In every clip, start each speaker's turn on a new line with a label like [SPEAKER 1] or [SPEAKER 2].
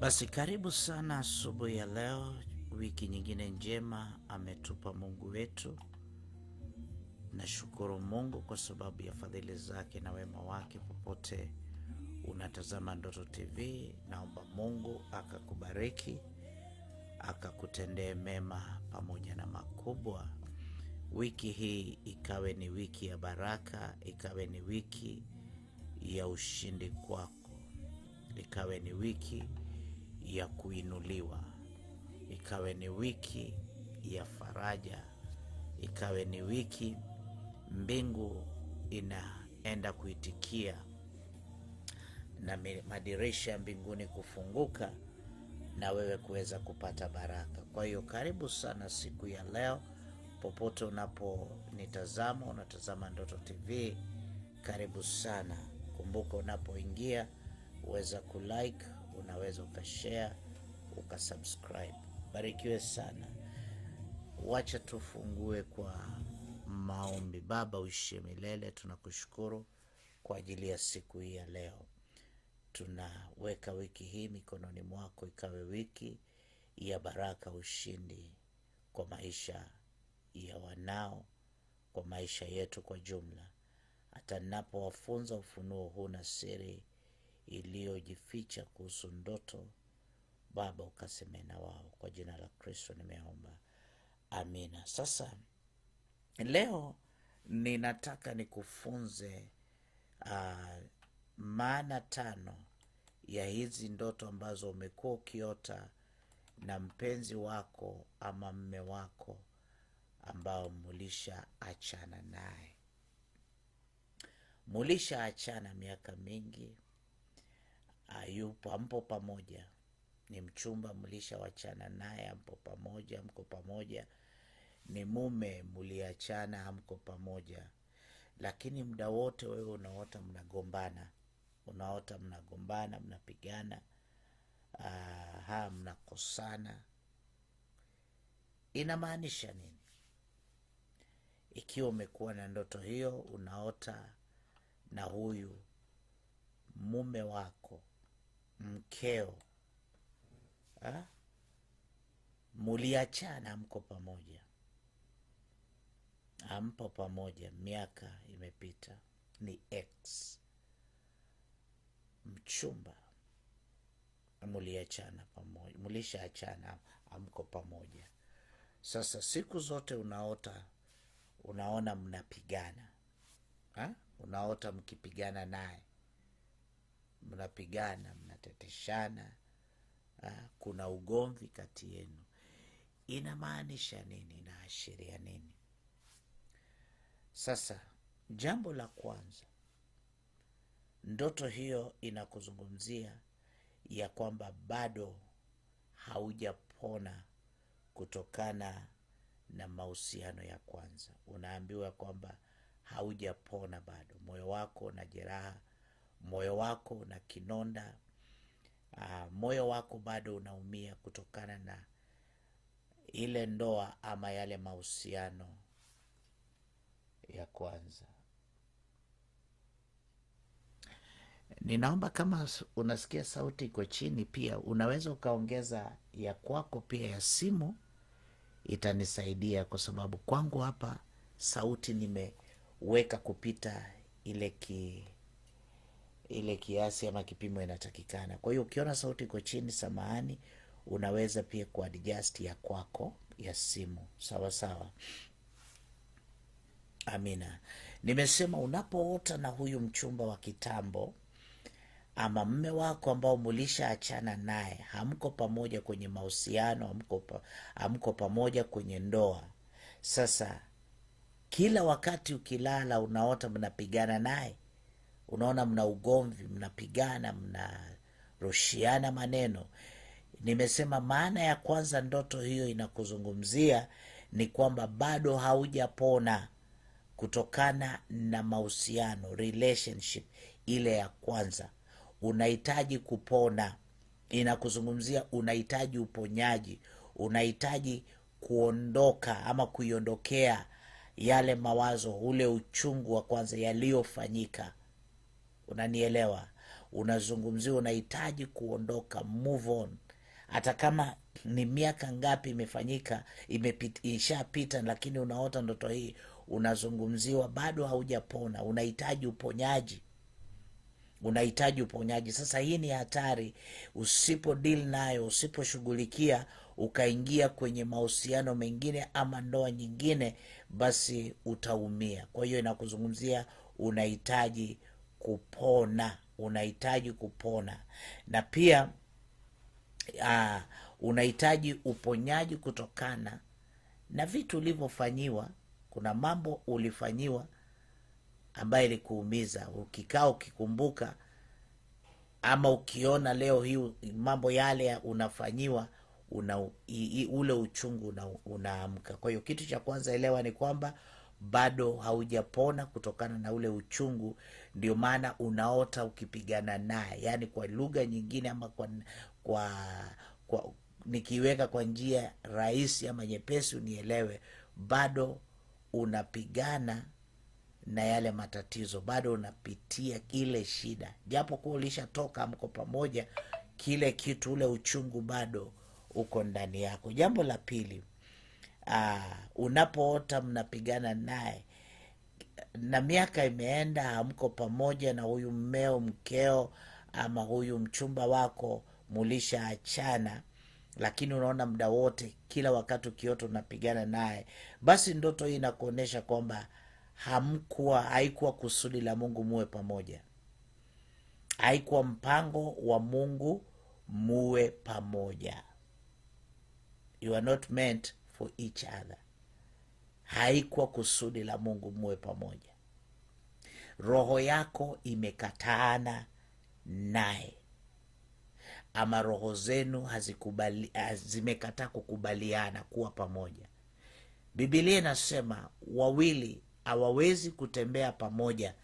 [SPEAKER 1] Basi karibu sana asubuhi ya leo, wiki nyingine njema ametupa Mungu wetu. Nashukuru Mungu kwa sababu ya fadhili zake na wema wake. Popote unatazama Ndoto TV, naomba Mungu akakubariki akakutendee mema pamoja na makubwa. Wiki hii ikawe ni wiki ya baraka, ikawe ni wiki ya ushindi kwako, ikawe ni wiki ya kuinuliwa, ikawe ni wiki ya faraja, ikawe ni wiki mbingu inaenda kuitikia na madirisha ya mbinguni kufunguka na wewe kuweza kupata baraka. Kwa hiyo karibu sana siku ya leo, popote unaponitazama, unatazama Ndoto TV, karibu sana. Kumbuka unapoingia uweza kulike unaweza ukashare ukasubscribe. Barikiwe sana. Wacha tufungue kwa maombi. Baba uishie milele, tunakushukuru kwa ajili ya siku hii ya leo. Tunaweka wiki hii mikononi mwako, ikawe wiki ya baraka, ushindi kwa maisha ya wanao, kwa maisha yetu kwa jumla. Hata napowafunza ufunuo huu na siri iliyojificha kuhusu ndoto. Baba ukasemee na wao, kwa jina la Kristo nimeomba, amina. Sasa leo ninataka nikufunze uh, maana tano ya hizi ndoto ambazo umekuwa ukiota na mpenzi wako ama mme wako ambao mulisha achana naye, mulisha achana miaka mingi ayupo, ampo pamoja, ni mchumba mlishawachana naye, ampo pamoja, mko pamoja, ni mume mliachana, amko pamoja, lakini muda wote wewe unaota mnagombana, unaota mnagombana, mnapigana, ha, mnakosana. Inamaanisha nini? Ikiwa umekuwa na ndoto hiyo, unaota na huyu mume wako mkeo ha? Muliachana, mko pamoja, ampo pamoja, miaka imepita, ni x mchumba, muliachana pamoja, mulishaachana, amko pamoja. Sasa siku zote unaota, unaona mnapigana ha? unaota mkipigana naye mnapigana, mnateteshana, ah, kuna ugomvi kati yenu, inamaanisha nini? Inaashiria nini? Sasa jambo la kwanza, ndoto hiyo inakuzungumzia ya kwamba bado haujapona kutokana na mahusiano ya kwanza. Unaambiwa kwamba haujapona bado, moyo wako na jeraha moyo wako na kinonda uh, moyo wako bado unaumia kutokana na ile ndoa ama yale mahusiano ya kwanza. Ninaomba kama unasikia sauti iko chini, pia unaweza ukaongeza ya kwako pia ya simu, itanisaidia kwa sababu kwangu hapa sauti nimeweka kupita ile ki ile kiasi ama kipimo inatakikana. Kwa hiyo ukiona sauti iko chini, samahani, unaweza pia kuadjust ya kwako ya simu. Sawa sawa. Amina. Nimesema unapoota na huyu mchumba wa kitambo ama mme wako ambao mulisha achana naye, hamko pamoja kwenye mahusiano, hamko, pa, hamko pamoja kwenye ndoa. Sasa kila wakati ukilala unaota mnapigana naye unaona mna ugomvi, mnapigana, mnarushiana maneno. Nimesema maana ya kwanza ndoto hiyo inakuzungumzia ni kwamba bado haujapona kutokana na mahusiano relationship ile ya kwanza, unahitaji kupona. Inakuzungumzia unahitaji uponyaji, unahitaji kuondoka ama kuiondokea yale mawazo, ule uchungu wa kwanza, yaliyofanyika unanielewa, unazungumzia, unahitaji kuondoka, move on. Hata kama ni miaka ngapi imefanyika, ishapita, lakini unaota ndoto hii, unazungumziwa, bado haujapona, unahitaji uponyaji unahitaji uponyaji. Sasa hii ni hatari, usipo deal nayo, usiposhughulikia, ukaingia kwenye mahusiano mengine ama ndoa nyingine, basi utaumia. Kwa hiyo inakuzungumzia unahitaji kupona, unahitaji kupona na pia uh, unahitaji uponyaji kutokana na vitu ulivyofanyiwa. Kuna mambo ulifanyiwa ambayo ilikuumiza, ukikaa ukikumbuka ama ukiona leo hii mambo yale unafanyiwa una, i, i, ule uchungu unaamka. Kwa hiyo kitu cha kwanza elewa ni kwamba bado haujapona kutokana na ule uchungu ndio maana unaota ukipigana naye, yaani kwa lugha nyingine ama kwa, kwa, kwa nikiweka kwa njia rahisi ama nyepesi unielewe, bado unapigana na yale matatizo, bado unapitia ile shida, japo kuwa ulishatoka, mko pamoja, kile kitu, ule uchungu bado uko ndani yako. Jambo la pili, uh, unapoota mnapigana naye na miaka imeenda, hamko pamoja na huyu mmeo mkeo ama huyu mchumba wako, mulisha achana, lakini unaona muda wote, kila wakati ukioto unapigana naye, basi ndoto hii inakuonyesha kwamba hamkuwa, haikuwa kusudi la Mungu muwe pamoja, haikuwa mpango wa Mungu muwe pamoja. You are not meant for each other haikuwa kusudi la Mungu muwe pamoja. Roho yako imekataana naye, ama roho zenu hazikubali, zimekataa kukubaliana kuwa pamoja. Bibilia inasema wawili hawawezi kutembea pamoja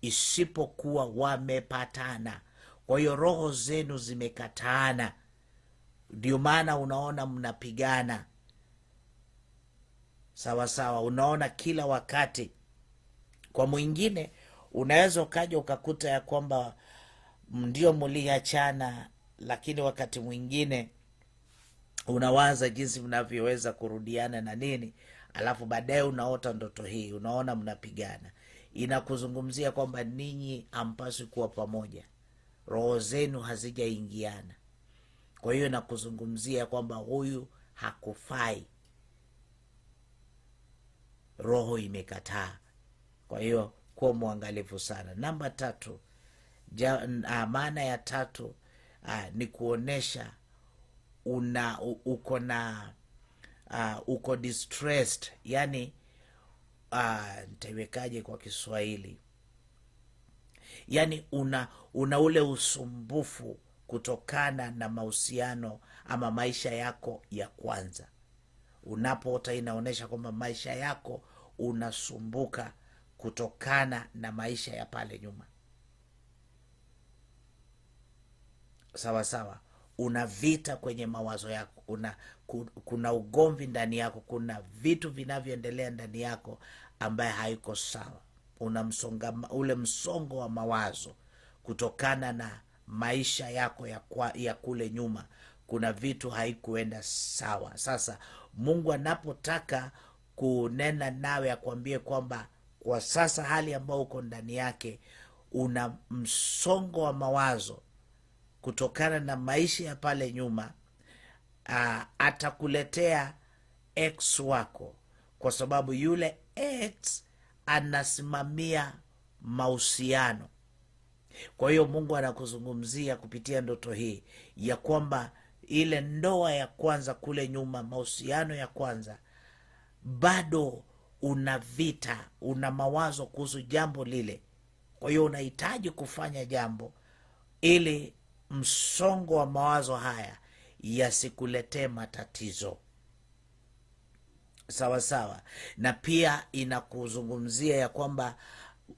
[SPEAKER 1] isipokuwa wamepatana. Kwa hiyo roho zenu zimekataana, ndio maana unaona mnapigana sawa sawa. Unaona kila wakati. Kwa mwingine unaweza ukaja ukakuta ya kwamba ndio muliachana, lakini wakati mwingine unawaza jinsi mnavyoweza kurudiana na nini, alafu baadaye unaota ndoto hii, unaona mnapigana, inakuzungumzia kwamba ninyi ampaswi kuwa pamoja, roho zenu hazijaingiana. Kwa hiyo inakuzungumzia kwamba huyu hakufai roho imekataa. Kwa hiyo kuwa mwangalifu sana. Namba tatu, ja, ah, maana ya tatu a, ah, ni kuonyesha una uko na ah, uko distressed, yani ntaiwekaje kwa Kiswahili? Yani una, una ule usumbufu kutokana na mahusiano ama maisha yako ya kwanza. unapota inaonyesha kwamba maisha yako unasumbuka kutokana na maisha ya pale nyuma. Sawa sawa, una vita kwenye mawazo yako, kuna, kuna ugomvi ndani yako, kuna vitu vinavyoendelea ndani yako ambaye haiko sawa. Una msonga, ule msongo wa mawazo kutokana na maisha yako ya, kwa, ya kule nyuma, kuna vitu haikuenda sawa. Sasa Mungu anapotaka kunena nawe, akwambie kwamba kwa sasa hali ambayo uko ndani yake, una msongo wa mawazo kutokana na maisha ya pale nyuma. atakuletea x wako, kwa sababu yule x anasimamia mahusiano. Kwa hiyo Mungu anakuzungumzia kupitia ndoto hii ya kwamba ile ndoa ya kwanza kule nyuma, mahusiano ya kwanza bado una vita, una mawazo kuhusu jambo lile. Kwa hiyo unahitaji kufanya jambo ili msongo wa mawazo haya yasikuletee matatizo. Sawa sawa. Na pia inakuzungumzia ya kwamba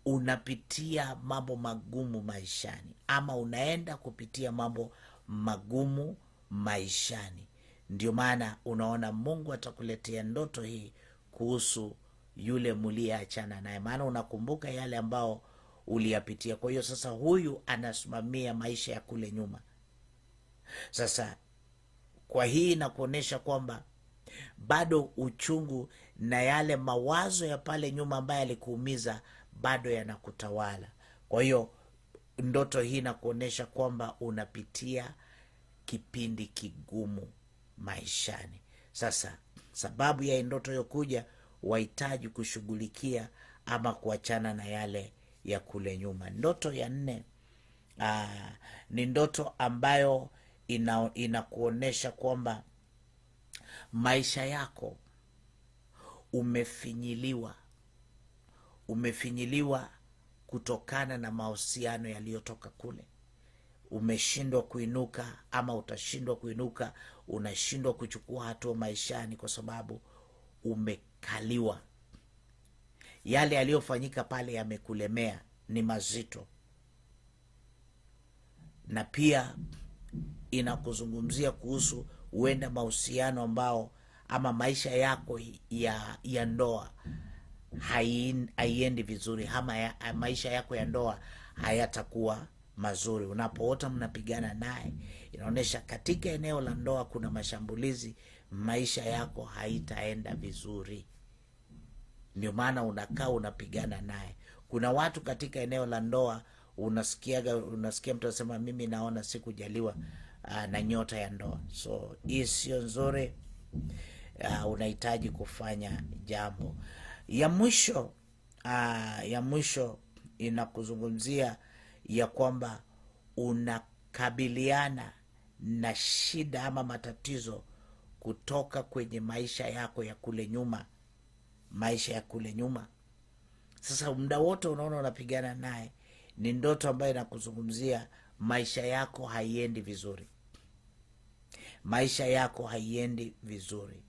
[SPEAKER 1] unapitia mambo magumu maishani, ama unaenda kupitia mambo magumu maishani. Ndio maana unaona Mungu atakuletea ndoto hii kuhusu yule mliyeachana naye, maana unakumbuka yale ambao uliyapitia. Kwa hiyo sasa, huyu anasimamia maisha ya kule nyuma. Sasa kwa hii inakuonyesha kwamba bado uchungu na yale mawazo ya pale nyuma ambayo yalikuumiza bado yanakutawala. Kwa hiyo ndoto hii inakuonyesha kwamba unapitia kipindi kigumu maishani. Sasa sababu ya ndoto yokuja, wahitaji kushughulikia ama kuachana na yale ya kule nyuma. Ndoto ya nne aa, ni ndoto ambayo inakuonyesha ina kwamba maisha yako umefinyiliwa, umefinyiliwa kutokana na mahusiano yaliyotoka kule umeshindwa kuinuka ama utashindwa kuinuka, unashindwa kuchukua hatua maishani kwa sababu umekaliwa. Yale yaliyofanyika pale yamekulemea, ni mazito, na pia inakuzungumzia kuhusu huenda mahusiano ambao ama maisha yako ya, ya ndoa haiendi vizuri ama ya, maisha yako ya ndoa hayatakuwa mazuri. Unapoota mnapigana naye, inaonyesha katika eneo la ndoa kuna mashambulizi, maisha yako haitaenda vizuri. Ndio maana unakaa unapigana naye. Kuna watu katika eneo la ndoa unasikiaga, unasikia mtu anasema mimi naona sikujaliwa uh, na nyota ya ndoa. So hii sio nzuri. Uh, unahitaji kufanya jambo ya mwisho uh, ya mwisho inakuzungumzia ya kwamba unakabiliana na shida ama matatizo kutoka kwenye maisha yako ya kule nyuma, maisha ya kule nyuma. Sasa muda wote unaona unapigana naye, ni ndoto ambayo inakuzungumzia maisha yako haiendi vizuri, maisha yako haiendi vizuri,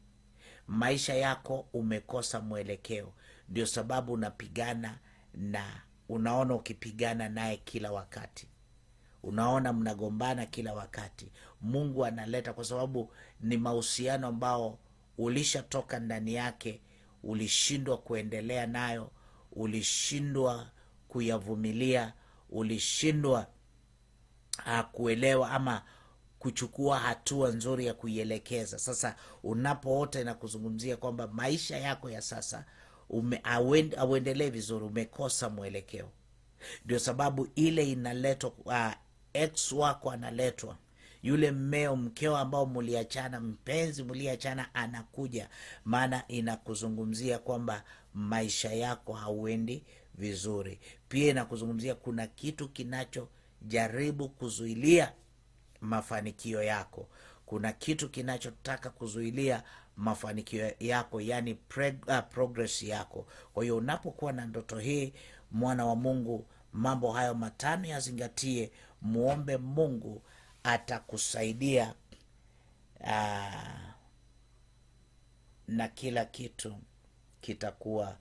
[SPEAKER 1] maisha yako umekosa mwelekeo, ndio sababu unapigana na unaona ukipigana naye kila wakati, unaona mnagombana kila wakati. Mungu analeta kwa sababu ni mahusiano ambao ulishatoka ndani yake, ulishindwa kuendelea nayo, ulishindwa kuyavumilia, ulishindwa ah, kuelewa ama kuchukua hatua nzuri ya kuielekeza. Sasa unapoota inakuzungumzia kwamba maisha yako ya sasa auendelee vizuri, umekosa mwelekeo. Ndio sababu ile inaletwa uh, ah, x wako analetwa yule mmeo mkeo ambao muliachana, mpenzi muliachana, anakuja maana inakuzungumzia kwamba maisha yako hauendi vizuri. Pia inakuzungumzia kuna kitu kinachojaribu kuzuilia mafanikio yako, kuna kitu kinachotaka kuzuilia mafanikio yako, yani ah, progress yako. Kwa hiyo unapokuwa na ndoto hii, mwana wa Mungu, mambo hayo matano yazingatie, muombe Mungu, atakusaidia uh, na kila kitu kitakuwa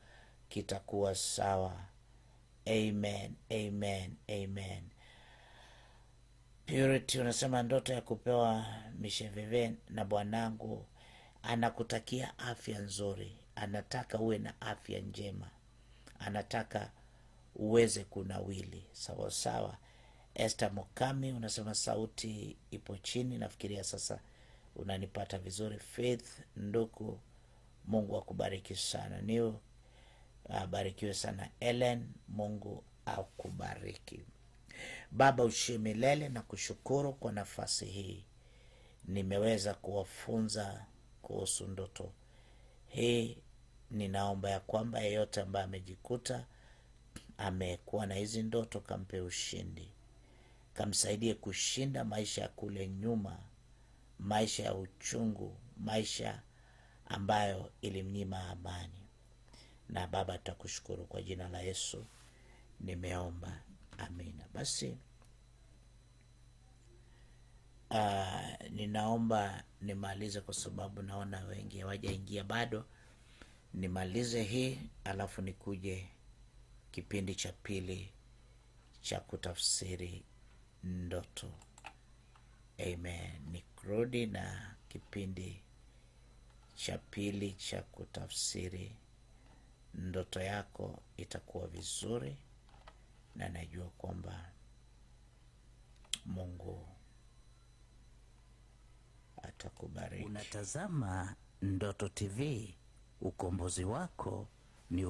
[SPEAKER 1] kitakuwa sawa. Amen, amen, amen. Purity unasema ndoto ya kupewa misheveve na bwanangu anakutakia afya nzuri, anataka uwe na afya njema, anataka uweze kunawili sawasawa. Esther Mokami unasema sauti ipo chini, nafikiria sasa unanipata vizuri. Faith Nduku, Mungu akubariki sana, niyo abarikiwe sana. Ellen, Mungu akubariki. Baba ushie milele na kushukuru kwa nafasi hii nimeweza kuwafunza kuhusu ndoto hii. Ninaomba ya kwamba yeyote ambaye amejikuta amekuwa na hizi ndoto, kampe ushindi, kamsaidie kushinda maisha ya kule nyuma, maisha ya uchungu, maisha ambayo ilimnyima amani. Na Baba, tutakushukuru kwa jina la Yesu nimeomba, amina. Basi uh, ninaomba nimalize kwa sababu naona wengi hawajaingia bado. Nimalize hii alafu nikuje kipindi cha pili cha kutafsiri ndoto. Amen. Nikurudi na kipindi cha pili cha kutafsiri ndoto yako itakuwa vizuri, na najua kwamba Mungu atakubariki.
[SPEAKER 2] Unatazama Ndoto TV, ukombozi wako ni